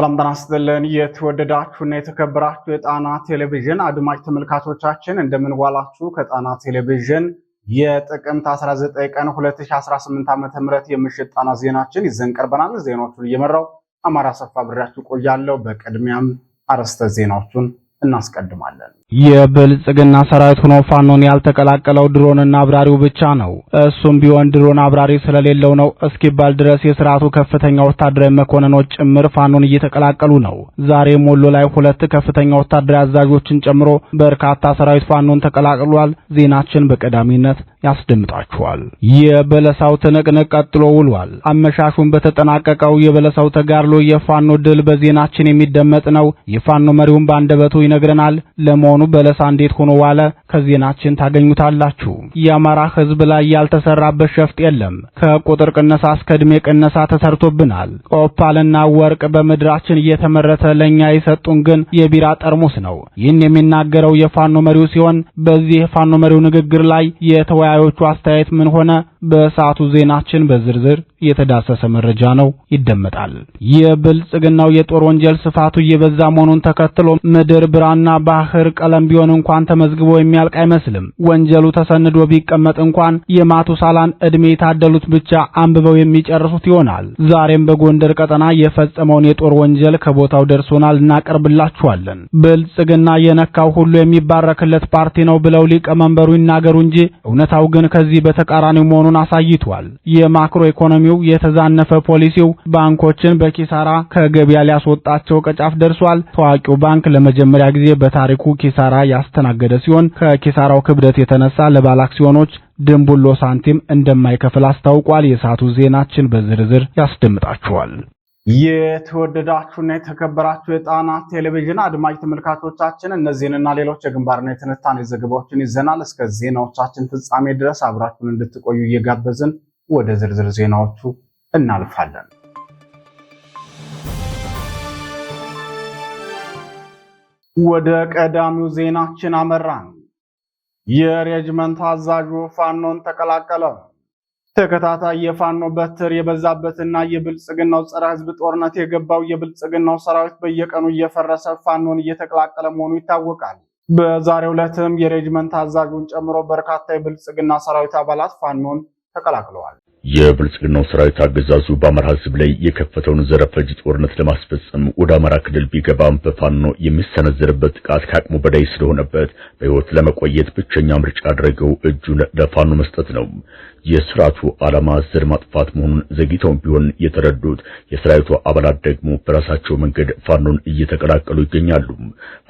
ሰላም ጤና ይስጥልን። የተወደዳችሁና የተከበራችሁ የጣና ቴሌቪዥን አድማጭ ተመልካቾቻችን እንደምንዋላችሁ። ከጣና ቴሌቪዥን የጥቅምት 19 ቀን 2018 ዓ.ም የምሽት ጣና ዜናችን ይዘን ቀርበናል። ዜናዎቹን እየመራው አማራ ሰፋ ብሬያችሁ ቆያለሁ። በቅድሚያም አርዕስተ ዜናዎቹን እናስቀድማለን። የብልጽግና ሰራዊት ሆኖ ፋኖን ያልተቀላቀለው ድሮንና አብራሪው ብቻ ነው። እሱም ቢሆን ድሮን አብራሪ ስለሌለው ነው እስኪባል ድረስ የስርዓቱ ከፍተኛ ወታደራዊ መኮንኖች ጭምር ፋኖን እየተቀላቀሉ ነው። ዛሬ ሞሎ ላይ ሁለት ከፍተኛ ወታደራዊ አዛዦችን ጨምሮ በርካታ ሰራዊት ፋኖን ተቀላቅሏል። ዜናችን በቀዳሚነት ያስደምጣችኋል። የበለሳው ትንቅንቅ ቀጥሎ ውሏል። አመሻሹን በተጠናቀቀው የበለሳው ተጋድሎ የፋኖ ድል በዜናችን የሚደመጥ ነው። የፋኖ መሪውን በአንደበቱ ይነግረናል። ለመሆኑ ሰሞኑ በለሳ እንዴት ሆኖ ዋለ? ከዜናችን ታገኙታላችሁ። የአማራ ህዝብ ላይ ያልተሰራበት ሸፍጥ የለም። ከቁጥር ቅነሳ እስከ እድሜ ቅነሳ ተሰርቶብናል። ኦፓልና ወርቅ በምድራችን እየተመረተ ለእኛ የሰጡን ግን የቢራ ጠርሙስ ነው። ይህን የሚናገረው የፋኖ መሪው ሲሆን በዚህ የፋኖ መሪው ንግግር ላይ የተወያዮቹ አስተያየት ምን ሆነ? በሰዓቱ ዜናችን በዝርዝር የተዳሰሰ መረጃ ነው ይደመጣል። የብልጽግናው የጦር ወንጀል ስፋቱ እየበዛ መሆኑን ተከትሎ ምድር ብራና ባህር ቀ ዘላለም ቢሆን እንኳን ተመዝግቦ የሚያልቅ አይመስልም። ወንጀሉ ተሰንዶ ቢቀመጥ እንኳን የማቱሳላን እድሜ የታደሉት ብቻ አንብበው የሚጨርሱት ይሆናል። ዛሬም በጎንደር ቀጠና የፈጸመውን የጦር ወንጀል ከቦታው ደርሶናል፣ እናቀርብላችኋለን። ብልጽግና የነካው ሁሉ የሚባረክለት ፓርቲ ነው ብለው ሊቀመንበሩ ይናገሩ እንጂ እውነታው ግን ከዚህ በተቃራኒው መሆኑን አሳይቷል። የማክሮ ኢኮኖሚው የተዛነፈ ፖሊሲው ባንኮችን በኪሳራ ከገበያ ሊያስወጣቸው ቀጫፍ ደርሷል። ታዋቂው ባንክ ለመጀመሪያ ጊዜ በታሪኩ ኪሳራ ኪሳራ ያስተናገደ ሲሆን ከኪሳራው ክብደት የተነሳ ለባለ አክሲዮኖች ድንቡሎ ሳንቲም እንደማይከፍል አስታውቋል። የሰዓቱ ዜናችን በዝርዝር ያስደምጣችኋል። የተወደዳችሁና የተከበራችሁ የጣና ቴሌቪዥን አድማጭ ተመልካቾቻችን እነዚህንና ሌሎች የግንባርና የትንታኔ ዘገባዎችን ይዘናል። እስከ ዜናዎቻችን ፍጻሜ ድረስ አብራችሁን እንድትቆዩ እየጋበዝን ወደ ዝርዝር ዜናዎቹ እናልፋለን። ወደ ቀዳሚው ዜናችን አመራን። የሬጅመንት አዛዡ ፋኖን ተቀላቀለ። ተከታታይ የፋኖ በትር የበዛበትና የብልጽግናው ጸረ ህዝብ ጦርነት የገባው የብልጽግናው ሰራዊት በየቀኑ እየፈረሰ ፋኖን እየተቀላቀለ መሆኑ ይታወቃል። በዛሬው ዕለትም የሬጅመንት አዛዡን ጨምሮ በርካታ የብልጽግና ሰራዊት አባላት ፋኖን ተቀላቅለዋል። የብልጽግናው ሰራዊት አገዛዙ በአማራ ህዝብ ላይ የከፈተውን ዘረፈጅ ጦርነት ለማስፈጸም ወደ አማራ ክልል ቢገባም በፋኖ የሚሰነዘርበት ጥቃት ከአቅሙ በላይ ስለሆነበት በህይወት ለመቆየት ብቸኛ ምርጫ ያደረገው እጁን ለፋኖ መስጠት ነው። የስርዓቱ ዓላማ ዘር ማጥፋት መሆኑን ዘግይተውም ቢሆን የተረዱት የሰራዊቱ አባላት ደግሞ በራሳቸው መንገድ ፋኖን እየተቀላቀሉ ይገኛሉ።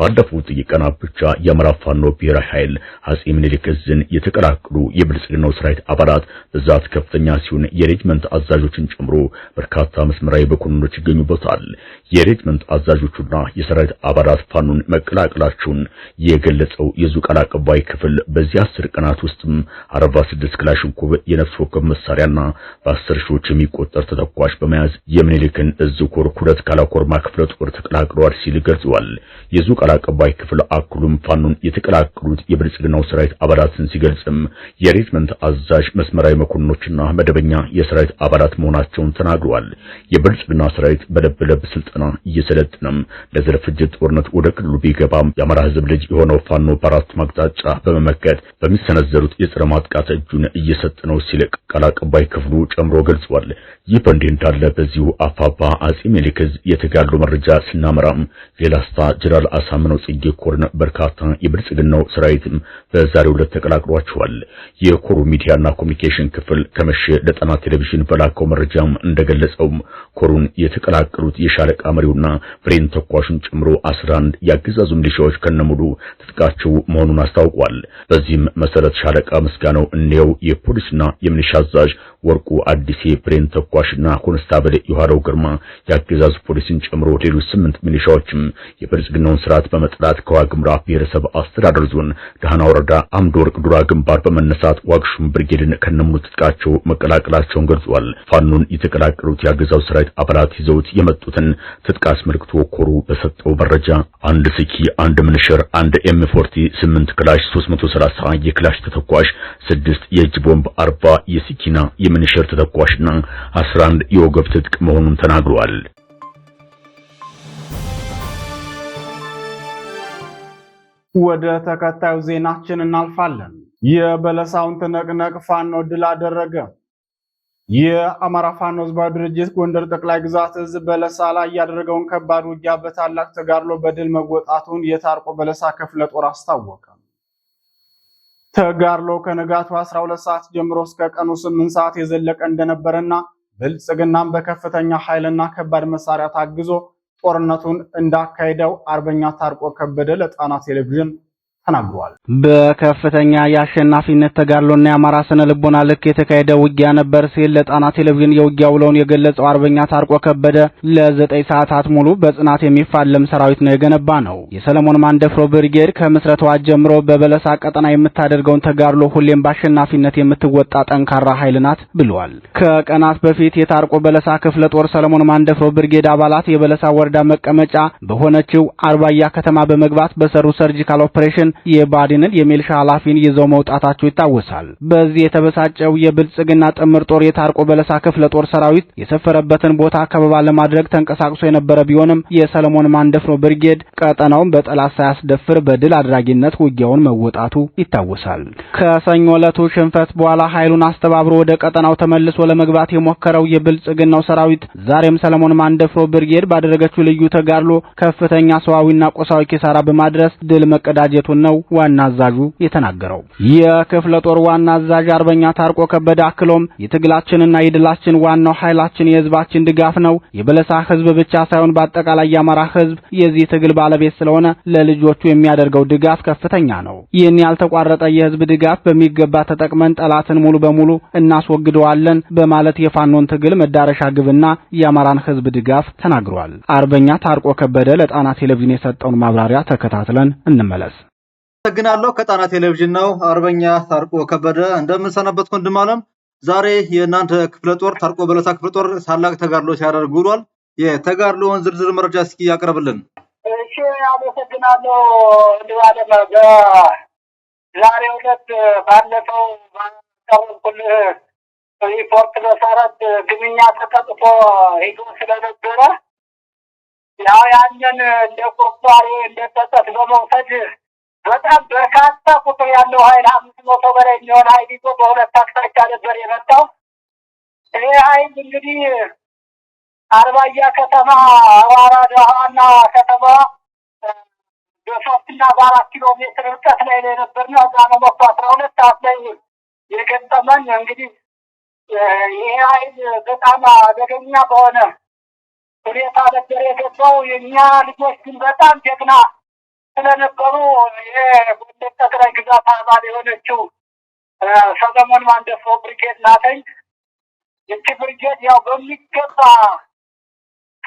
ባለፉት የቀናት ብቻ የአማራ ፋኖ ብሔራዊ ኃይል አጼ ምኒልክ እዝን የተቀላቀሉ የብልጽግናው ሰራዊት አባላት ብዛት ከፍተኛ ሲሆን የሬጅመንት አዛዦችን ጨምሮ በርካታ መስመራዊ መኮንኖች ይገኙበታል። የሬጅመንት አዛዦቹና የሰራዊት አባላት ፋኖን መቀላቀላቸውን የገለጸው የዙ ቃል አቀባይ ክፍል በዚህ አስር ቀናት ውስጥም 46 ክላሽንኮቭ የነፍስ ወከፍ መሳሪያና በአስር ሺዎች የሚቆጠር ተተኳሽ በመያዝ የምኒልክን እዝ ኮር ሁለት ካላኮርማ ክፍለ ጦር ተቀላቅለዋል ሲል ገልጿል። የዙ ቃል ቃል አቀባይ ክፍል አክሉም ፋኖን የተቀላቀሉት የብልጽግናው ሰራዊት አባላትን ሲገልጽም የሬጅመንት አዛዥ መስመራዊ መኮንኖችና መደበኛ የሰራዊት አባላት መሆናቸውን ተናግረዋል። የብልጽግና ሰራዊት በለብለብ ስልጠና እየሰለጠነም ለዘር ፍጅት ጦርነት ወደ ክልሉ ቢገባም የአማራ ህዝብ ልጅ የሆነው ፋኖ በአራት ማቅጣጫ በመመከት በሚሰነዘሩት የጸረ ማጥቃት እጁን እየሰጠ ነው ሲል ቃል አቀባይ ክፍሉ ጨምሮ ገልጿል። ይህ በእንዲህ እንዳለ በዚሁ አፋባ አጼ ምኒልክ የተጋሉ መረጃ ስናመራም ሌላስታ ጀነራል አሳ አሳምነው ጽጌ ኮርን በርካታ የብልጽግናው ሰራዊትም በዛሬው ዕለት ተቀላቅሏቸዋል። የኮሩ ሚዲያና ኮሚኒኬሽን ክፍል ከመሸ ለጣና ቴሌቪዥን በላከው መረጃም እንደገለጸው ኮሩን የተቀላቀሉት የሻለቃ መሪውና ብሬን ተኳሹን ጨምሮ 11 የአገዛዙ ሚሊሻዎች ከነሙሉ ትጥቃቸው መሆኑን አስታውቋል። በዚህም መሰረት ሻለቃ ምስጋናው እንየው የፖሊስና የሚሊሻ አዛዥ፣ ወርቁ አዲሴ ብሬን ተኳሽና ኮንስታብል የኋላው ግርማ የአገዛዙ ፖሊስን ጨምሮ ሌሎች ስምንት ሚሊሻዎችም የብልጽግናውን ስርዓት በመጥላት ከዋግምራ ብሔረሰብ አስተዳደር ዞን ዳህና ወረዳ አምድ ወርቅ ዱራ ግንባር በመነሳት ዋግሹም ብርጌድን ከነሙሉ ትጥቃቸው መቀላቀላቸውን ገልጿል። ፋኖን የተቀላቀሉት የአገዛው ሰራዊት አባላት ይዘውት የመጡትን ትጥቅ አስመልክቶ ኮሩ በሰጠው መረጃ አንድ ስኪ፣ አንድ ምንሽር፣ አንድ ኤም 8 ክላሽ፣ 330 የክላሽ ተተኳሽ፣ 6 የእጅ ቦምብ፣ 40 የስኪና የምንሽር ተተኳሽና 11 የወገብ ትጥቅ መሆኑን ተናግሯል። ወደ ተከታዩ ዜናችን እናልፋለን። የበለሳውን ትነቅነቅ ፋኖ ድል አደረገ። የአማራ ፋኖ ህዝባዊ ድርጅት ጎንደር ጠቅላይ ግዛት እዝ በለሳ ላይ ያደረገውን ከባድ ውጊያ በታላቅ ተጋድሎ በድል መወጣቱን የታርቆ በለሳ ክፍለ ጦር አስታወቀ። ተጋድሎ ከንጋቱ 12 ሰዓት ጀምሮ እስከ ቀኑ 8 ሰዓት የዘለቀ እንደነበረና ብልጽግናም በከፍተኛ ኃይልና ከባድ መሳሪያ ታግዞ ጦርነቱን እንዳካሄደው አርበኛ ታርቆ ከበደ ለጣና ቴሌቪዥን ተናግረዋል። በከፍተኛ የአሸናፊነት ተጋድሎና የአማራ ስነ ልቦና ልክ የተካሄደ ውጊያ ነበር ሲል ለጣና ቴሌቪዥን የውጊያ ውለውን የገለጸው አርበኛ ታርቆ ከበደ ለዘጠኝ ሰዓታት ሙሉ በጽናት የሚፋለም ሰራዊት ነው የገነባ ነው። የሰለሞን ማንደፍሮ ብርጌድ ከምስረተዋ ጀምሮ በበለሳ ቀጠና የምታደርገውን ተጋድሎ ሁሌም በአሸናፊነት የምትወጣ ጠንካራ ኃይል ናት ብሏል። ከቀናት በፊት የታርቆ በለሳ ክፍለ ጦር ሰለሞን ማንደፍሮ ብርጌድ አባላት የበለሳ ወረዳ መቀመጫ በሆነችው አርባያ ከተማ በመግባት በሰሩ ሰርጂካል ኦፕሬሽን የባድንን የሚልሻ ኃላፊን ይዘው መውጣታቸው ይታወሳል። በዚህ የተበሳጨው የብልጽግና ጥምር ጦር የታርቆ በለሳ ክፍለ ጦር ሰራዊት የሰፈረበትን ቦታ ከበባ ለማድረግ ተንቀሳቅሶ የነበረ ቢሆንም የሰለሞን ማንደፍኖ ብርጌድ ቀጠናውን በጠላት ሳያስደፍር በድል አድራጊነት ውጊያውን መወጣቱ ይታወሳል። ከሰኞ ዕለቱ ሽንፈት በኋላ ኃይሉን አስተባብሮ ወደ ቀጠናው ተመልሶ ለመግባት የሞከረው የብልጽግናው ሰራዊት ዛሬም ሰለሞን ማንደፍሮ ብርጌድ ባደረገችው ልዩ ተጋድሎ ከፍተኛ ሰዋዊና ቆሳዊ ኪሳራ በማድረስ ድል መቀዳጀቱን ነው ዋና አዛዡ የተናገረው። የክፍለ ጦር ዋና አዛዥ አርበኛ ታርቆ ከበደ አክሎም የትግላችንና የድላችን ዋናው ኃይላችን የህዝባችን ድጋፍ ነው። የበለሳ ህዝብ ብቻ ሳይሆን በአጠቃላይ የአማራ ህዝብ የዚህ ትግል ባለቤት ስለሆነ ለልጆቹ የሚያደርገው ድጋፍ ከፍተኛ ነው። ይህን ያልተቋረጠ የህዝብ ድጋፍ በሚገባ ተጠቅመን ጠላትን ሙሉ በሙሉ እናስወግደዋለን በማለት የፋኖን ትግል መዳረሻ ግብና የአማራን ህዝብ ድጋፍ ተናግሯል። አርበኛ ታርቆ ከበደ ለጣና ቴሌቪዥን የሰጠውን ማብራሪያ ተከታትለን እንመለስ። አመሰግናለሁ ከጣና ቴሌቪዥን ነው። አርበኛ ታርቆ ከበደ እንደምንሰነበት ወንድም አለም። ዛሬ የእናንተ ክፍለ ጦር ታርቆ በለሳ ክፍለ ጦር ታላቅ ተጋድሎ ሲያደርግ ውሏል። የተጋድሎውን ዝርዝር መረጃ እስኪ ያቅርብልን። እሺ፣ አመሰግናለሁ ወንድም አለም። በዛሬው ዕለት ባለፈው ባቀረብኩልህ ሪፖርት መሰረት ግንኛ ተጠቅቶ ሂዶ ስለነበረ ያው ያንን እንደ ቁርቋሬ እንደ በመውሰድ በጣም በርካታ ቁጥር ያለው ኃይል አምስት መቶ በላይ የሚሆን ኃይል ይዞ በሁለት አቅጣጫ ነበር የመጣው። ይህ ኃይል እንግዲህ አርባያ ከተማ አዋራ ደሃና ከተማ በሶስትና በአራት ኪሎ ሜትር ርቀት ላይ ነው የነበርነው። እዛ ነው መቶ አስራ ሁለት ሰዓት ላይ የገጠመን። እንግዲህ ይህ ኃይል በጣም አደገኛ በሆነ ሁኔታ ነበር የገባው። የእኛ ልጆች ግን በጣም ጀግና ስለነበሩ የጎንደር ጠቅላይ ግዛት አባል የሆነችው ሰለሞን ማንደፎ ብርጌድ ናተኝ። ይቺ ብርጌድ ያው በሚገባ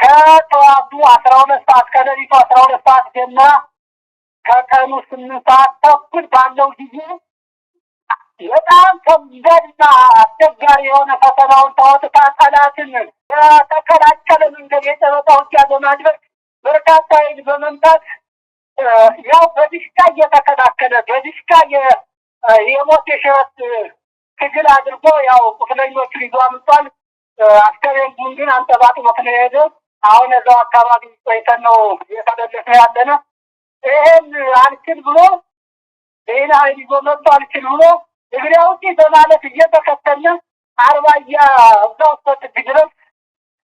ከጠዋቱ አስራ ሁለት ሰዓት ከሌሊቱ አስራ ሁለት ሰዓት ገና ከቀኑ ስምንት ሰዓት ተኩል ባለው ጊዜ በጣም ከባድና አስቸጋሪ የሆነ ፈተናውን ተወጥታ ጠላትን በተቀላቀለ መንገድ የጨበጣ ውጊያ በማድረግ በርካታ ኃይል በመምጣት ያው በዲሽቃ እየተከላከለ በዲሽቃ የሞት የሽረት ትግል አድርጎ ያው ቁስለኞቹ ይዞ አምጧል። አስከሬኑን ግን አንጠባጥቦት ነው አሁን እዛው አካባቢ ቆይተን ነው ያለ ነው። ይሄን አልችል ብሎ ሌላ ኃይል ይዞ መጥቶ አልችል ብሎ እግሬ ውጪ በማለት እየተከተልን አርባያ እዛ ውስጥ ድረስ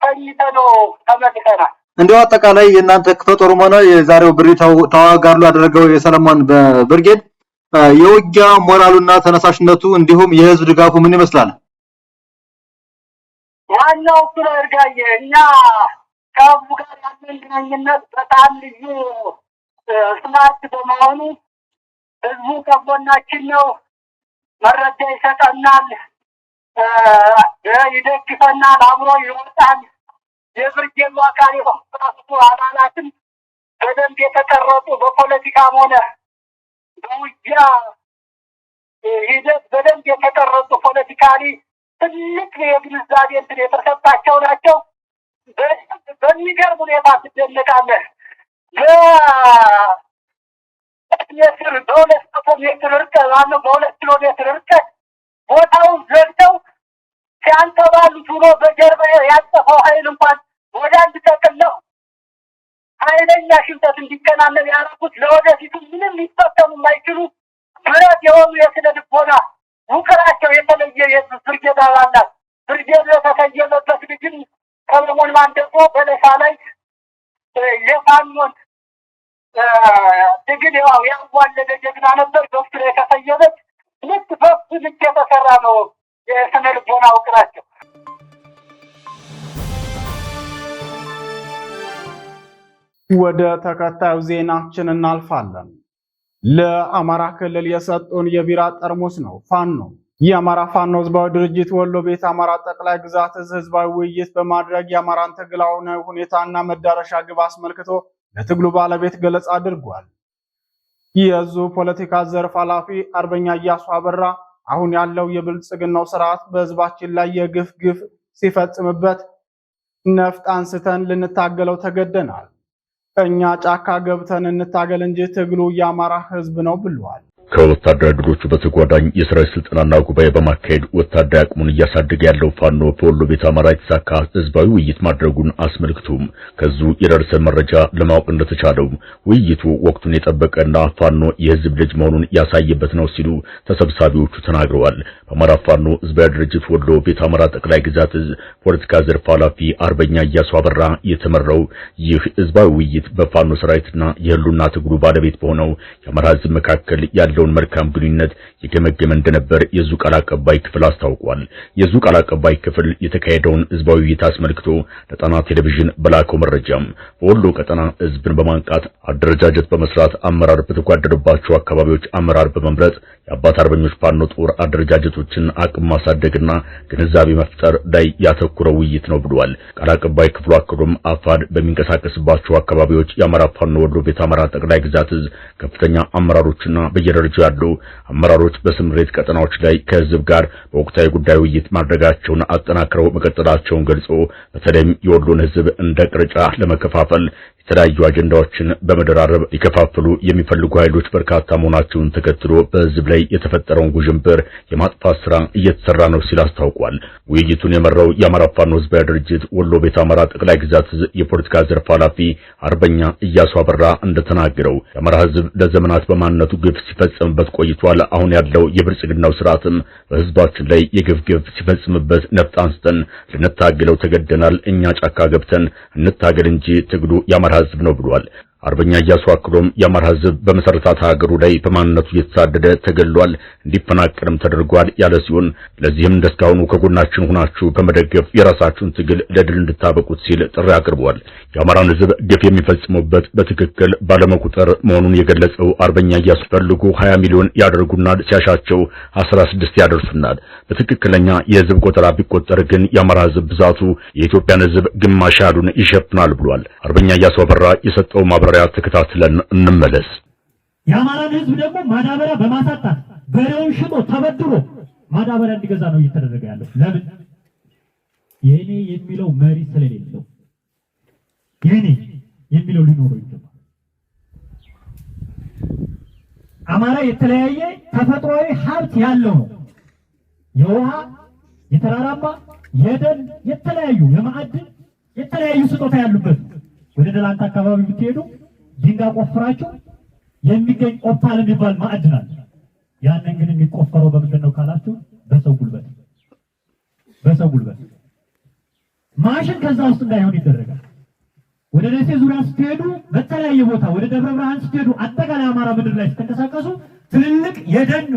ተኝተ ነው ተመልሰናል። እንዲሁ አጠቃላይ የእናንተ ክፍለ ጦሩም ሆነ የዛሬው ብሪ ተዋጋሉ ያደረገው የሰለሞን ብርጌድ የውጊያ ሞራሉና ተነሳሽነቱ እንዲሁም የህዝብ ድጋፉ ምን ይመስላል? ዋናው ብሎ እኛ ከህዝቡ ጋር ያለን ግንኙነት በጣም ልዩ ስማርት በመሆኑ ህዝቡ ከጎናችን ነው፣ መረጃ ይሰጠናል፣ ይደግፈናል፣ አብሮ ይወጣል። የብርጌዱ አካል የሆኑ አባላትን በደንብ የተቀረጡ በፖለቲካም ሆነ በውጊያ ሂደት በደንብ የተቀረጡ ፖለቲካሊ ትልቅ የግንዛቤ እንትን የተሰጣቸው ናቸው። በሚገርም ሁኔታ ትደነቃለህ። ሜትር በሁለት መቶ ሜትር ርቀት ማነው በሁለት ኪሎ ሜትር ርቀት ቦታውን ዘግተው ሲያንተባሉት ውሎ በጀርባ ያጠፈው ኃይል እንኳን ወደ አንድ ተቅለው ኃይለኛ ሽንፈት እንዲከናነብ ያደረጉት ለወደፊቱ ምንም ሊፈተኑ የማይችሉ ብረት የሆኑ የስነ ልቦና ውቅራቸው የተለየ ብርጌድ አባላት ብርጌድ የተሰየመበት ልጅም ሰለሞን ማንደቆ በለሳ ላይ የፋኖን ትግል ያው ያዋለደ ጀግና ነበር። ዶክትር የተሰየመች ልክ በሱ ልክ የተሰራ ነው የስነ ልቦና ውቅራቸው። ወደ ተከታዩ ዜናችን እናልፋለን። ለአማራ ክልል የሰጡን የቢራ ጠርሙስ ነው ፋኖ። የአማራ ፋኖ ህዝባዊ ድርጅት ወሎ ቤት አማራ ጠቅላይ ግዛት እዝ ህዝባዊ ውይይት በማድረግ የአማራን ትግላዊ ሁኔታና መዳረሻ ግብ አስመልክቶ ለትግሉ ባለቤት ገለጻ አድርጓል። የዙ ፖለቲካ ዘርፍ ኃላፊ አርበኛ እያሱ አበራ አሁን ያለው የብልጽግናው ስርዓት በህዝባችን ላይ የግፍ ግፍ ሲፈጽምበት ነፍጥ አንስተን ልንታገለው ተገደናል እኛ ጫካ ገብተን እንታገል እንጂ ትግሉ የአማራ ህዝብ ነው ብለዋል። ከወታደራዊ ድሎቹ በተጓዳኝ የሰራዊት ስልጠናና ጉባኤ በማካሄድ ወታደራዊ አቅሙን እያሳደገ ያለው ፋኖ በወሎ ቤተ አማራ የተሳካ ህዝባዊ ውይይት ማድረጉን አስመልክቶም ከዙ የደረሰ መረጃ ለማወቅ እንደተቻለው ውይይቱ ወቅቱን የጠበቀና ፋኖ የህዝብ ልጅ መሆኑን ያሳየበት ነው ሲሉ ተሰብሳቢዎቹ ተናግረዋል። በአማራ ፋኖ ህዝባዊ ድርጅት ወሎ ቤተ አማራ ጠቅላይ ግዛት እዝ ፖለቲካ ዘርፍ ኃላፊ አርበኛ እያሱ አበራ የተመራው ይህ ህዝባዊ ውይይት በፋኖ ሰራዊትና የህሉና ትግሉ ባለቤት በሆነው የአማራ ህዝብ መካከል ያለው የተደረገውን መልካም ግንኙነት የገመገመ እንደነበር የዙ ቃል አቀባይ ክፍል አስታውቋል። የዙ ቃል አቀባይ ክፍል የተካሄደውን ህዝባዊ ውይይት አስመልክቶ ለጣና ቴሌቪዥን በላከው መረጃም በወሎ ቀጠና ህዝብን በማንቃት አደረጃጀት በመስራት አመራር በተጓደለባቸው አካባቢዎች አመራር በመምረጥ የአባት አርበኞች ፋኖ ጦር አደረጃጀቶችን አቅም ማሳደግና ግንዛቤ መፍጠር ላይ ያተኮረው ውይይት ነው ብሏል። ቃል አቀባይ ክፍሉ አክሎም አፋድ በሚንቀሳቀስባቸው አካባቢዎች የአማራ ፋኖ ወሎ ቤት አማራ ጠቅላይ ግዛት ከፍተኛ አመራሮችና በየደረ ደረጃ ያሉ አመራሮች በስምሬት ቀጠናዎች ላይ ከህዝብ ጋር በወቅታዊ ጉዳይ ውይይት ማድረጋቸውን አጠናክረው መቀጠላቸውን ገልጾ በተለይም የወሎን ህዝብ እንደ ቅርጫ ለመከፋፈል የተለያዩ አጀንዳዎችን በመደራረብ ሊከፋፍሉ የሚፈልጉ ኃይሎች በርካታ መሆናቸውን ተከትሎ በህዝብ ላይ የተፈጠረውን ጉዥንብር የማጥፋት ስራ እየተሰራ ነው ሲል አስታውቋል። ውይይቱን የመራው የአማራ ፋኖ ህዝባዊ ድርጅት ወሎ ቤት አማራ ጠቅላይ ግዛት የፖለቲካ ዘርፍ ኃላፊ አርበኛ እያሱ አበራ እንደተናገረው የአማራ ህዝብ ለዘመናት በማንነቱ ግፍ ሲፈጽም ሲፈጸምበት ቆይቷል። አሁን ያለው የብልጽግናው ስርዓትም በህዝባችን ላይ የግፍ ግፍ ሲፈጽምበት ነፍጥ አንስተን ልንታገለው ተገደናል። እኛ ጫካ ገብተን እንታገል እንጂ ትግሉ የአማራ ህዝብ ነው ብሏል። አርበኛ እያሱ አክሎም የአማራ ህዝብ በመሰረታት ሀገሩ ላይ በማንነቱ እየተሳደደ ተገሏል፣ እንዲፈናቀልም ተደርጓል ያለ ሲሆን ለዚህም እንደስካሁኑ ከጎናችን ሆናችሁ በመደገፍ የራሳችሁን ትግል ለድል እንድታበቁት ሲል ጥሪ አቅርቧል። የአማራን ሕዝብ ግፍ የሚፈጽሙበት በትክክል ባለመቁጠር መሆኑን የገለጸው አርበኛ እያሱ ፈልጉ 20 ሚሊዮን ያደርጉናል፣ ሲያሻቸው 16 ያደርሱናል። በትክክለኛ የህዝብ ቆጠራ ቢቆጠር ግን የአማራ ህዝብ ብዛቱ የኢትዮጵያን ህዝብ ግማሽ ያሉን ይሸፍናል ብሏል። አርበኛ እያሱ አበራ የሰጠው ማዳበሪያ ተከታትለን እንመለስ። የአማራን ህዝብ ደግሞ ማዳበሪያ በማሳጣት በሬውን ሽጦ ተበድሮ ማዳበሪያ እንዲገዛ ነው እየተደረገ ያለው። ለምን የኔ የሚለው መሪ ስለሌለው የኔ የሚለው ሊኖረው ይገባል። አማራ የተለያየ ተፈጥሯዊ ሀብት ያለው ነው። የውሃ፣ የተራራማ፣ የደን፣ የተለያዩ የማዕድን የተለያዩ ስጦታ ያሉበት ወደ ደላንት አካባቢ ብትሄዱ ድንጋይ ቆፍራችሁ የሚገኝ ኦፓል የሚባል ማዕድን አለ። ያንን ግን የሚቆፈረው በምንድን ነው ካላችሁ በሰው ጉልበት በሰው ጉልበት ማሽን ከዛ ውስጥ እንዳይሆን ይደረጋል። ወደ ደሴ ዙሪያ ስትሄዱ፣ በተለያየ ቦታ ወደ ደብረ ብርሃን ስትሄዱ፣ አጠቃላይ አማራ ምድር ላይ ስትንቀሳቀሱ ትልልቅ የደን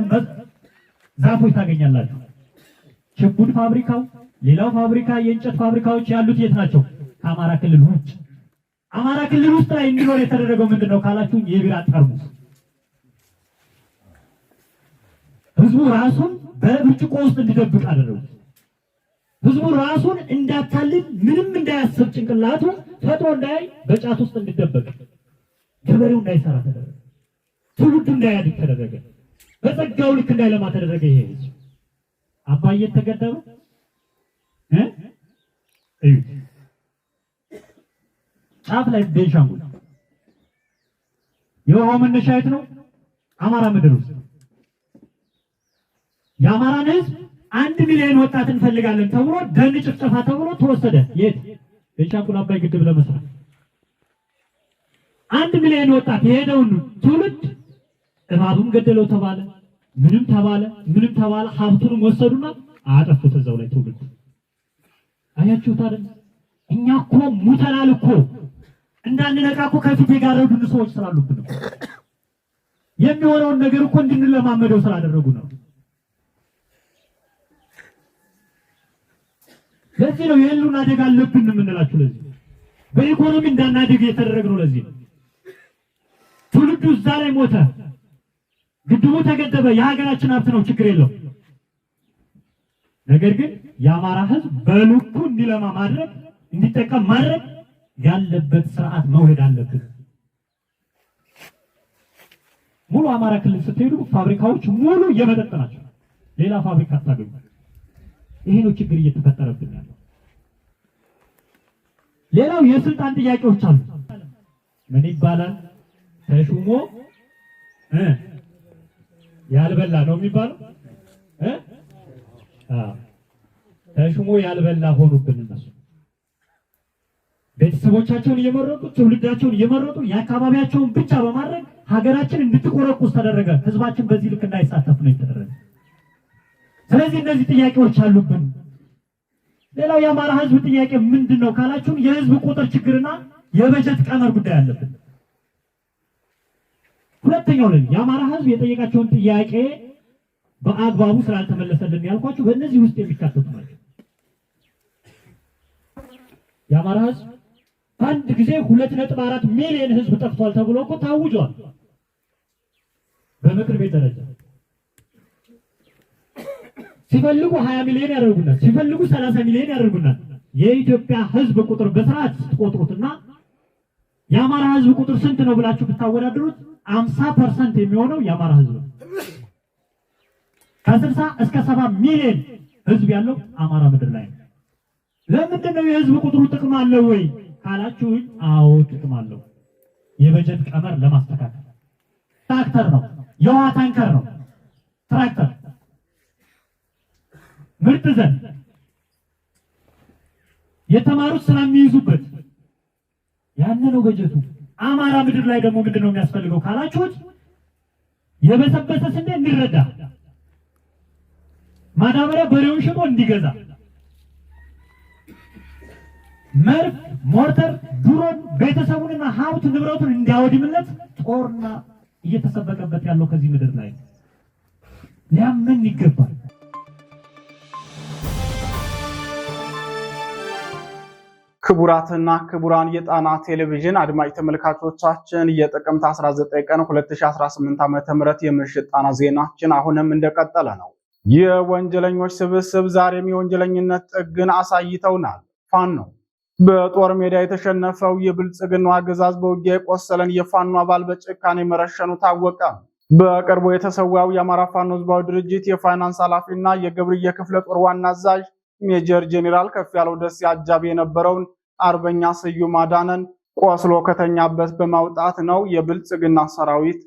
ዛፎች ታገኛላችሁ። ሽቡድ ፋብሪካው፣ ሌላው ፋብሪካ፣ የእንጨት ፋብሪካዎች ያሉት የት ናቸው? ከአማራ ክልል ውጭ አማራ ክልል ውስጥ ላይ እንዲኖር የተደረገው ምንድን ነው ካላችሁ የቢራ ጠርሙስ ህዝቡ ራሱን በብርጭቆ ውስጥ እንዲደብቅ አደረጉ ህዝቡ ራሱን እንዳታልል ምንም እንዳያስብ ጭንቅላቱ ፈጥሮ እንዳይ በጫት ውስጥ እንዲደበቅ ገበሬው እንዳይሰራ ተደረገ። ትውልዱ እንዳያድግ ተደረገ። በጸጋው ልክ እንዳይለማ ተደረገ። ይሄ ልጅ አባዬ ተገደበ እ ጫፍ ላይ ቤንሻንጉል የውሃው መነሻ የት ነው? አማራ ምድር ውስጥ የአማራን ህዝብ አንድ ሚሊዮን ወጣት እንፈልጋለን ተብሎ ደን ጭፍጨፋ ተብሎ ተወሰደ። የት ቤንሻንጉል አባይ ግድብ ለመስራት አንድ ሚሊዮን ወጣት የሄደውን ትውልድ እባቡም ገደለው ተባለ፣ ምንም ተባለ፣ ምንም ተባለ። ሀብቱንም ወሰዱና አጠፉት እዛው ላይ ትውልድ አያችሁት አይደል? እኛ እኮ ሙተናል እኮ እንዳንነቃ እኮ ከፊት ብዙ ሰዎች ስላሉብን ነው። የሚሆነውን ነገር እኮ እንድንለማመደው ስላደረጉ ነው። ለዚህ ነው የህልውና አደጋ አለብን የምንላችሁ። ለዚህ በኢኮኖሚ እንዳናደግ ነው ለዚህ ነው። ትውልዱ እዛ ላይ ሞተ፣ ግድቡ ተገደበ፣ የሀገራችን ሀብት ነው፣ ችግር የለው። ነገር ግን የአማራ ህዝብ በልኩ እንዲለማ ማድረግ እንዲጠቀም ማድረግ ያለበት ስርዓት መውሄድ አለብን። ሙሉ አማራ ክልል ስትሄዱ ፋብሪካዎች ሙሉ የመጠጥ ናቸው። ሌላ ፋብሪካ አታገኙ። ይሄ ነው ችግር እየተፈጠረብን ያለው። ሌላው የስልጣን ጥያቄዎች አሉ። ምን ይባላል ተሹሞ እ ያልበላ ነው የሚባለው እ ተሹሞ ያልበላ ሆኑብን እነሱ ቤተሰቦቻቸውን እየመረጡ ትውልዳቸውን እየመረጡ የአካባቢያቸውን ብቻ በማድረግ ሀገራችን እንድትቆረቁስ ተደረገ። ህዝባችን በዚህ ልክ እንዳይሳተፍ ነው የተደረገ። ስለዚህ እነዚህ ጥያቄዎች አሉብን። ሌላው የአማራ ህዝብ ጥያቄ ምንድን ነው ካላችሁም የህዝብ ቁጥር ችግርና የበጀት ቀመር ጉዳይ አለብን። ሁለተኛው ላይ የአማራ ህዝብ የጠየቃቸውን ጥያቄ በአግባቡ ስላልተመለሰልን ያልኳቸው በእነዚህ ውስጥ የሚካተቱ ናቸው። የአማራ ህዝብ አንድ ጊዜ ሁለት ነጥብ አራት ሚሊዮን ህዝብ ጠፍቷል ተብሎ እኮ ታውጇል በምክር ቤት ደረጃ። ሲፈልጉ ሀያ ሚሊዮን ያደርጉናል፣ ሲፈልጉ ሰላሳ ሚሊዮን ያደርጉናል። የኢትዮጵያ ህዝብ ቁጥር በስርዓት ስትቆጥሩትና የአማራ ህዝብ ቁጥር ስንት ነው ብላችሁ ብታወዳድሩት አምሳ ፐርሰንት የሚሆነው የአማራ ህዝብ ነው። ከስልሳ እስከ ሰባ ሚሊዮን ህዝብ ያለው አማራ ምድር ላይ ነው። ለምንድን ነው የህዝብ ቁጥሩ ጥቅም አለው ወይ? ካላችሁኝ፣ አዎ ጥቅም አለው። የበጀት ቀመር ለማስተካከል ትራክተር ነው፣ የውሃ ታንከር ነው። ትራክተር ምርጥ ዘር የተማሩት ስራ የሚይዙበት ያነ ነው በጀቱ። አማራ ምድር ላይ ደግሞ ምንድን ነው የሚያስፈልገው ካላችሁት፣ የበሰበሰ ስንዴ እንዲረዳ ማዳበሪያ በሬውን ሽጦ እንዲገዛ መርፍ፣ ሞርተር፣ ድሮን ቤተሰቡንና ሀብት ንብረቱን እንዲያወድምለት ጦርና እየተሰበቀበት ያለው ከዚህ ምድር ላይ ሊያምን ይገባል። ክቡራትና ክቡራን የጣና ቴሌቪዥን አድማጭ ተመልካቾቻችን የጥቅምት 19 ቀን 2018 ዓ.ም የምሽት ጣና ዜናችን አሁንም እንደቀጠለ ነው። የወንጀለኞች ስብስብ ዛሬም የወንጀለኝነት ጥግን አሳይተውናል። ፋኖ ነው በጦር ሜዳ የተሸነፈው የብልጽግናው አገዛዝ በውጊያ የቆሰለን የፋኖ አባል በጭካኔ መረሸኑ ታወቀ። በቅርቡ የተሰዋው የአማራ ፋኖ ህዝባዊ ድርጅት የፋይናንስ ኃላፊና የገብርዬ ክፍለ ጦር ዋና አዛዥ ሜጀር ጄኔራል ከፍ ያለው ደሴ አጃቢ የነበረውን አርበኛ ስዩም አዳነን ቆስሎ ከተኛበት በማውጣት ነው የብልጽግና ሰራዊት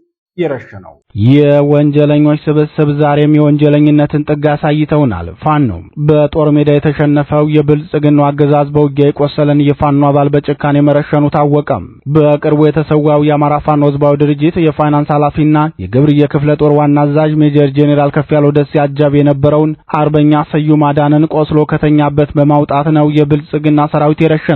ነው። የወንጀለኞች ስብስብ ዛሬም የወንጀለኝነትን ጥግ አሳይተውናል። ፋኖ በጦር ሜዳ የተሸነፈው የብልጽግናው አገዛዝ በውጊያ የቆሰለን የፋኖ አባል በጭካኔ መረሸኑ ታወቀም። በቅርቡ የተሰዋው የአማራ ፋኖ ህዝባዊ ድርጅት የፋይናንስ ኃላፊና የግብር የክፍለ ጦር ዋና አዛዥ ሜጀር ጄኔራል ከፍያለው ደሴ አጃቢ የነበረውን አርበኛ ስዩም አዳንን ቆስሎ ከተኛበት በማውጣት ነው የብልጽግና ሰራዊት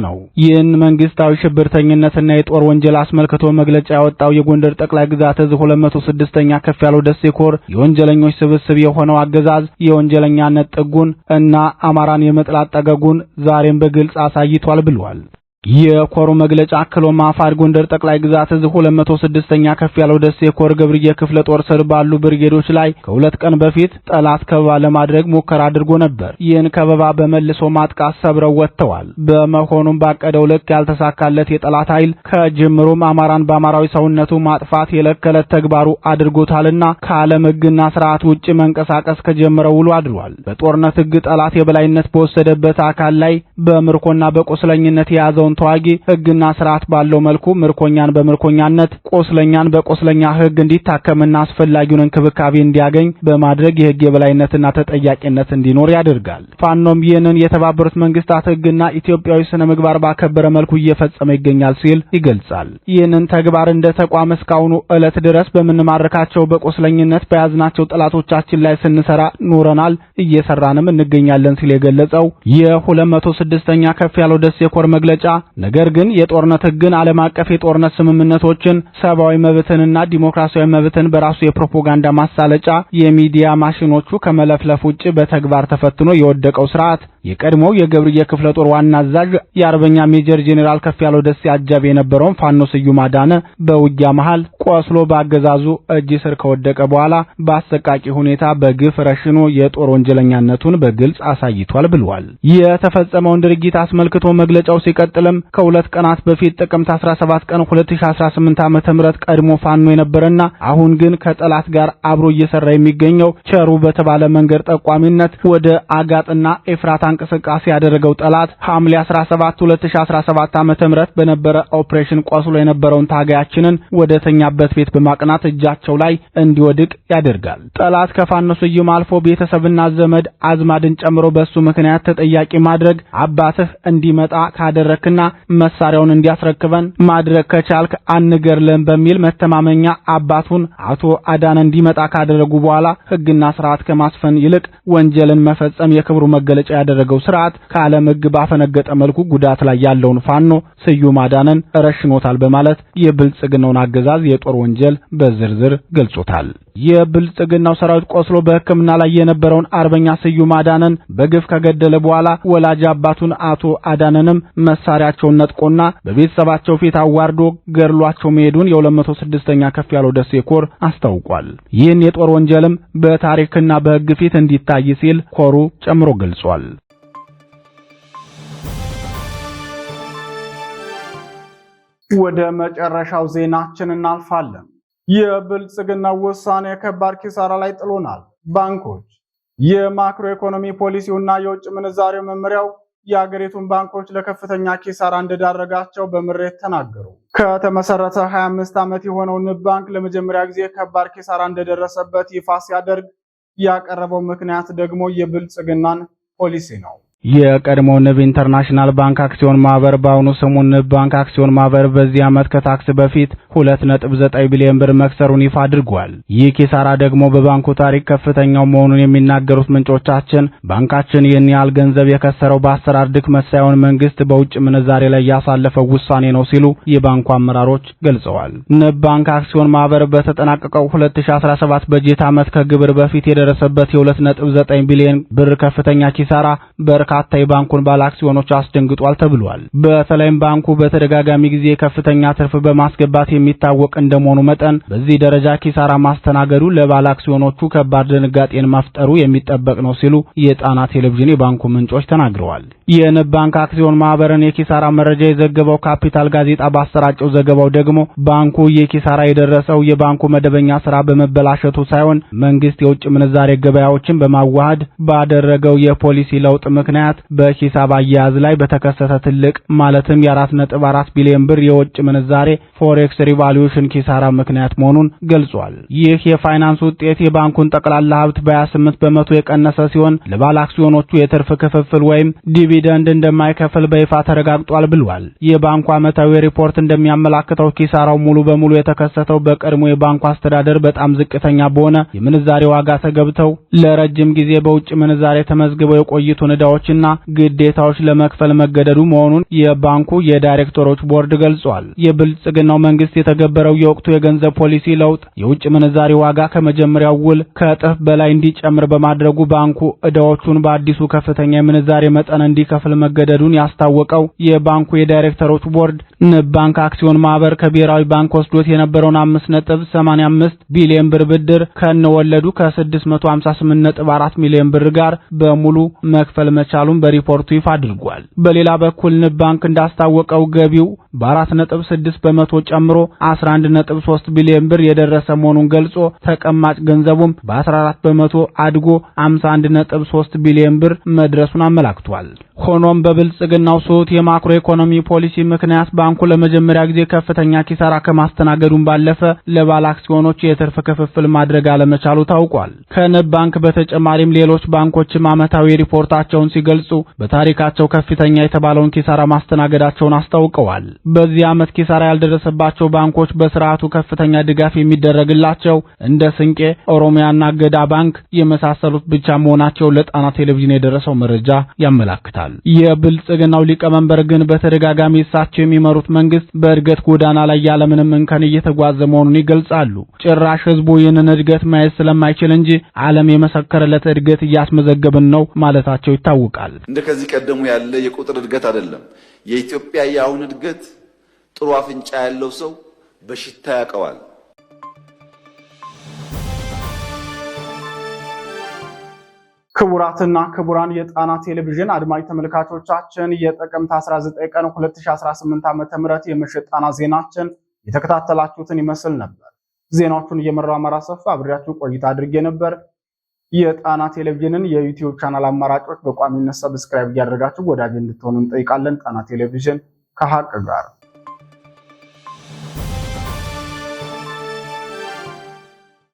ነው። ይህን መንግስታዊ ሽብርተኝነትና የጦር ወንጀል አስመልክቶ መግለጫ ያወጣው የጎንደር ጠቅላይ ግዛት 206ኛ ከፍ ያለው ደሴ ኮር የወንጀለኞች ስብስብ የሆነው አገዛዝ የወንጀለኛነት ጥጉን እና አማራን የመጥላት ጠገጉን ዛሬም በግልጽ አሳይቷል ብሏል። የኮሩ መግለጫ አክሎ ማፋድ ጎንደር ጠቅላይ ግዛት እዝ 206ኛ ከፍ ያለው ደሴ የኮር ገብርዬ ክፍለ ጦር ስር ባሉ ብርጌዶች ላይ ከሁለት ቀን በፊት ጠላት ከበባ ለማድረግ ሙከራ አድርጎ ነበር። ይህን ከበባ በመልሶ ማጥቃት ሰብረው ወጥተዋል። በመሆኑም ባቀደው ልክ ያልተሳካለት የጠላት ኃይል ከጅምሩም አማራን በአማራዊ ሰውነቱ ማጥፋት የዕለት ከዕለት ተግባሩ አድርጎታልና ከዓለም ሕግና ስርዓት ውጭ መንቀሳቀስ ከጀመረው ውሎ አድሯል። በጦርነት ሕግ ጠላት የበላይነት በወሰደበት አካል ላይ በምርኮና በቁስለኝነት የያዘውን ያለውን ተዋጊ ህግና ስርዓት ባለው መልኩ ምርኮኛን በምርኮኛነት ቆስለኛን በቆስለኛ ህግ እንዲታከምና አስፈላጊውን እንክብካቤ እንዲያገኝ በማድረግ የህግ የበላይነትና ተጠያቂነት እንዲኖር ያደርጋል። ፋኖም ይህንን የተባበሩት መንግስታት ህግና ኢትዮጵያዊ ስነ ምግባር ባከበረ መልኩ እየፈጸመ ይገኛል ሲል ይገልጻል። ይህንን ተግባር እንደ ተቋም እስካሁኑ እለት ድረስ በምንማርካቸው በቆስለኝነት በያዝናቸው ጠላቶቻችን ላይ ስንሰራ ኖረናል፣ እየሰራንም እንገኛለን ሲል የገለጸው የ206ኛ ከፍ ያለው ደሴ ኮር መግለጫ ነገር ግን የጦርነት ህግን ዓለም አቀፍ የጦርነት ስምምነቶችን፣ ሰብአዊ መብትንና ዲሞክራሲያዊ መብትን በራሱ የፕሮፓጋንዳ ማሳለጫ የሚዲያ ማሽኖቹ ከመለፍለፍ ውጭ በተግባር ተፈትኖ የወደቀው ስርዓት የቀድሞው የገብርዬ ክፍለ ጦር ዋና አዛዥ የአርበኛ ሜጀር ጄኔራል ያለው ደሴ አጃቢ የነበረውን ፋኖ ስዩም አዳነ በውጊያ መሃል ቆስሎ በአገዛዙ እጅ ስር ከወደቀ በኋላ በአሰቃቂ ሁኔታ በግፍ ረሽኖ የጦር ወንጀለኛነቱን በግልጽ አሳይቷል ብሏል። የተፈጸመውን ድርጊት አስመልክቶ መግለጫው ሲቀጥልም ከሁለት ቀናት በፊት ጥቅምት 17 ቀን 2018 ዓ.ም ቀድሞ ፋኖ የነበረና አሁን ግን ከጠላት ጋር አብሮ እየሰራ የሚገኘው ቸሩ በተባለ መንገድ ጠቋሚነት ወደ አጋጥና ኤፍራታ እንቅስቃሴ ያደረገው ጠላት ሐምሌ 17 2017 ዓ.ም በነበረ ኦፕሬሽን ቆስሎ የነበረውን ታጋያችንን ወደ ተኛበት ቤት በማቅናት እጃቸው ላይ እንዲወድቅ ያደርጋል። ጠላት ከፋኖ ስዩም አልፎ ቤተሰብና ዘመድ አዝማድን ጨምሮ በሱ ምክንያት ተጠያቂ ማድረግ አባትህ እንዲመጣ ካደረክና መሳሪያውን እንዲያስረክበን ማድረግ ከቻልክ አንገርልም በሚል መተማመኛ አባቱን አቶ አዳነ እንዲመጣ ካደረጉ በኋላ ሕግና ስርዓት ከማስፈን ይልቅ ወንጀልን መፈጸም የክብሩ መገለጫ ያደረ ያደረገው ስርዓት ከዓለም ሕግ ባፈነገጠ መልኩ ጉዳት ላይ ያለውን ፋኖ ስዩም አዳነን ረሽኖታል በማለት የብልጽግናውን አገዛዝ የጦር ወንጀል በዝርዝር ገልጾታል። የብልጽግናው ሰራዊት ቆስሎ በሕክምና ላይ የነበረውን አርበኛ ስዩም አዳነን በግፍ ከገደለ በኋላ ወላጅ አባቱን አቶ አዳነንም መሳሪያቸውን ነጥቆና በቤተሰባቸው ፊት አዋርዶ ገድሏቸው መሄዱን የ206ኛ ከፍ ያለው ደሴ ኮር አስታውቋል። ይህን የጦር ወንጀልም በታሪክና በሕግ ፊት እንዲታይ ሲል ኮሩ ጨምሮ ገልጿል። ወደ መጨረሻው ዜናችን እናልፋለን። የብልጽግና ውሳኔ ከባድ ኪሳራ ላይ ጥሎናል። ባንኮች የማክሮ ኢኮኖሚ ፖሊሲውና የውጭ ምንዛሬው መመሪያው የአገሪቱን ባንኮች ለከፍተኛ ኪሳራ እንደዳረጋቸው በምሬት ተናገሩ። ከተመሰረተ 25 ዓመት የሆነው ንብ ባንክ ለመጀመሪያ ጊዜ ከባድ ኪሳራ እንደደረሰበት ይፋ ሲያደርግ ያቀረበው ምክንያት ደግሞ የብልጽግናን ፖሊሲ ነው። የቀድሞው ንብ ኢንተርናሽናል ባንክ አክሲዮን ማህበር በአሁኑ ስሙ ንብ ባንክ አክሲዮን ማህበር በዚህ ዓመት ከታክስ በፊት 2.9 ቢሊዮን ብር መክሰሩን ይፋ አድርጓል። ይህ ኪሳራ ደግሞ በባንኩ ታሪክ ከፍተኛው መሆኑን የሚናገሩት ምንጮቻችን ባንካችን ይህን ያህል ገንዘብ የከሰረው በአሰራር ድክመት ሳይሆን መንግስት በውጭ ምንዛሬ ላይ ያሳለፈው ውሳኔ ነው ሲሉ የባንኩ አመራሮች ገልጸዋል። ንብ ባንክ አክሲዮን ማህበር በተጠናቀቀው 2017 በጀት ዓመት ከግብር በፊት የደረሰበት የ2.9 ቢሊዮን ብር ከፍተኛ ኪሳራ በር በርካታ የባንኩን ባለ አክሲዮኖች አስደንግጧል ተብሏል። በተለይም ባንኩ በተደጋጋሚ ጊዜ ከፍተኛ ትርፍ በማስገባት የሚታወቅ እንደመሆኑ መጠን በዚህ ደረጃ ኪሳራ ማስተናገዱ ለባለ አክሲዮኖቹ ከባድ ድንጋጤን መፍጠሩ የሚጠበቅ ነው ሲሉ የጣና ቴሌቪዥን የባንኩ ምንጮች ተናግረዋል። የንብ ባንክ አክሲዮን ማህበርን የኪሳራ መረጃ የዘገበው ካፒታል ጋዜጣ ባሰራጨው ዘገባው ደግሞ ባንኩ የኪሳራ የደረሰው የባንኩ መደበኛ ስራ በመበላሸቱ ሳይሆን መንግስት የውጭ ምንዛሬ ገበያዎችን በማዋሃድ ባደረገው የፖሊሲ ለውጥ ምክንያት ምክንያት በሂሳብ አያያዝ ላይ በተከሰተ ትልቅ ማለትም የ44 አራት ቢሊዮን ብር የውጭ ምንዛሬ ፎሬክስ ሪቫሉሽን ኪሳራ ምክንያት መሆኑን ገልጿል። ይህ የፋይናንስ ውጤት የባንኩን ጠቅላላ ሀብት በ28 በመቶ የቀነሰ ሲሆን ለባለ አክሲዮኖቹ የትርፍ ክፍፍል ወይም ዲቪደንድ እንደማይከፍል በይፋ ተረጋግጧል ብሏል። የባንኩ ዓመታዊ ሪፖርት እንደሚያመላክተው ኪሳራው ሙሉ በሙሉ የተከሰተው በቀድሞ የባንኩ አስተዳደር በጣም ዝቅተኛ በሆነ የምንዛሬ ዋጋ ተገብተው ለረጅም ጊዜ በውጭ ምንዛሬ ተመዝግበው የቆዩትን ዕዳዎች ክፍያዎችና ግዴታዎች ለመክፈል መገደዱ መሆኑን የባንኩ የዳይሬክተሮች ቦርድ ገልጿል። የብልጽግናው መንግስት የተገበረው የወቅቱ የገንዘብ ፖሊሲ ለውጥ የውጭ ምንዛሪ ዋጋ ከመጀመሪያው ውል ከእጥፍ በላይ እንዲጨምር በማድረጉ ባንኩ እዳዎቹን በአዲሱ ከፍተኛ የምንዛሬ መጠን እንዲከፍል መገደዱን ያስታወቀው የባንኩ የዳይሬክተሮች ቦርድ ንብ ባንክ አክሲዮን ማህበር ከብሔራዊ ባንክ ወስዶት የነበረውን 5.85 ቢሊዮን ብር ብድር ከነወለዱ ከ658.4 ሚሊዮን ብር ጋር በሙሉ መክፈል መቻል መቻሉን በሪፖርቱ ይፋ አድርጓል። በሌላ በኩል ንብ ባንክ እንዳስታወቀው ገቢው በ4.6 በመቶ ጨምሮ 11.3 ቢሊዮን ብር የደረሰ መሆኑን ገልጾ ተቀማጭ ገንዘቡም በ14 በመቶ አድጎ 51.3 ቢሊዮን ብር መድረሱን አመላክቷል። ሆኖም በብልጽግናው ስሁት የማክሮ ኢኮኖሚ ፖሊሲ ምክንያት ባንኩ ለመጀመሪያ ጊዜ ከፍተኛ ኪሳራ ከማስተናገዱን ባለፈ ለባለ አክሲዮኖች የትርፍ ክፍፍል ማድረግ አለመቻሉ ታውቋል። ከንብ ባንክ በተጨማሪም ሌሎች ባንኮችም ዓመታዊ ሪፖርታቸውን ሲገ ሲገልጹ በታሪካቸው ከፍተኛ የተባለውን ኪሳራ ማስተናገዳቸውን አስታውቀዋል። በዚህ ዓመት ኪሳራ ያልደረሰባቸው ባንኮች በስርዓቱ ከፍተኛ ድጋፍ የሚደረግላቸው እንደ ስንቄ፣ ኦሮሚያና ገዳ ባንክ የመሳሰሉት ብቻ መሆናቸው ለጣና ቴሌቪዥን የደረሰው መረጃ ያመላክታል። የብልጽግናው ሊቀመንበር ግን በተደጋጋሚ እሳቸው የሚመሩት መንግስት በእድገት ጎዳና ላይ ያለምንም እንከን እየተጓዘ መሆኑን ይገልጻሉ። ጭራሽ ህዝቡ ይህንን እድገት ማየት ስለማይችል እንጂ ዓለም የመሰከረለት እድገት እያስመዘገብን ነው ማለታቸው ይታወቃል። ያውቃል። እንደ ከዚህ ቀደሙ ያለ የቁጥር እድገት አይደለም። የኢትዮጵያ የአሁን እድገት ጥሩ አፍንጫ ያለው ሰው በሽታ ያውቀዋል። ክቡራትና ክቡራን የጣና ቴሌቪዥን አድማጭ ተመልካቾቻችን የጥቅምት 19 ቀን 2018 ም የምሽት ጣና ዜናችን የተከታተላችሁትን ይመስል ነበር። ዜናዎቹን እየመራው አማራ ሰፋ አብሬያችሁ ቆይታ አድርጌ ነበር። የጣና ቴሌቪዥንን የዩቲዩብ ቻናል አማራጮች በቋሚነት ሰብስክራይብ እያደረጋችሁ ወዳጅ እንድትሆኑ እንጠይቃለን። ጣና ቴሌቪዥን ከሀቅ ጋር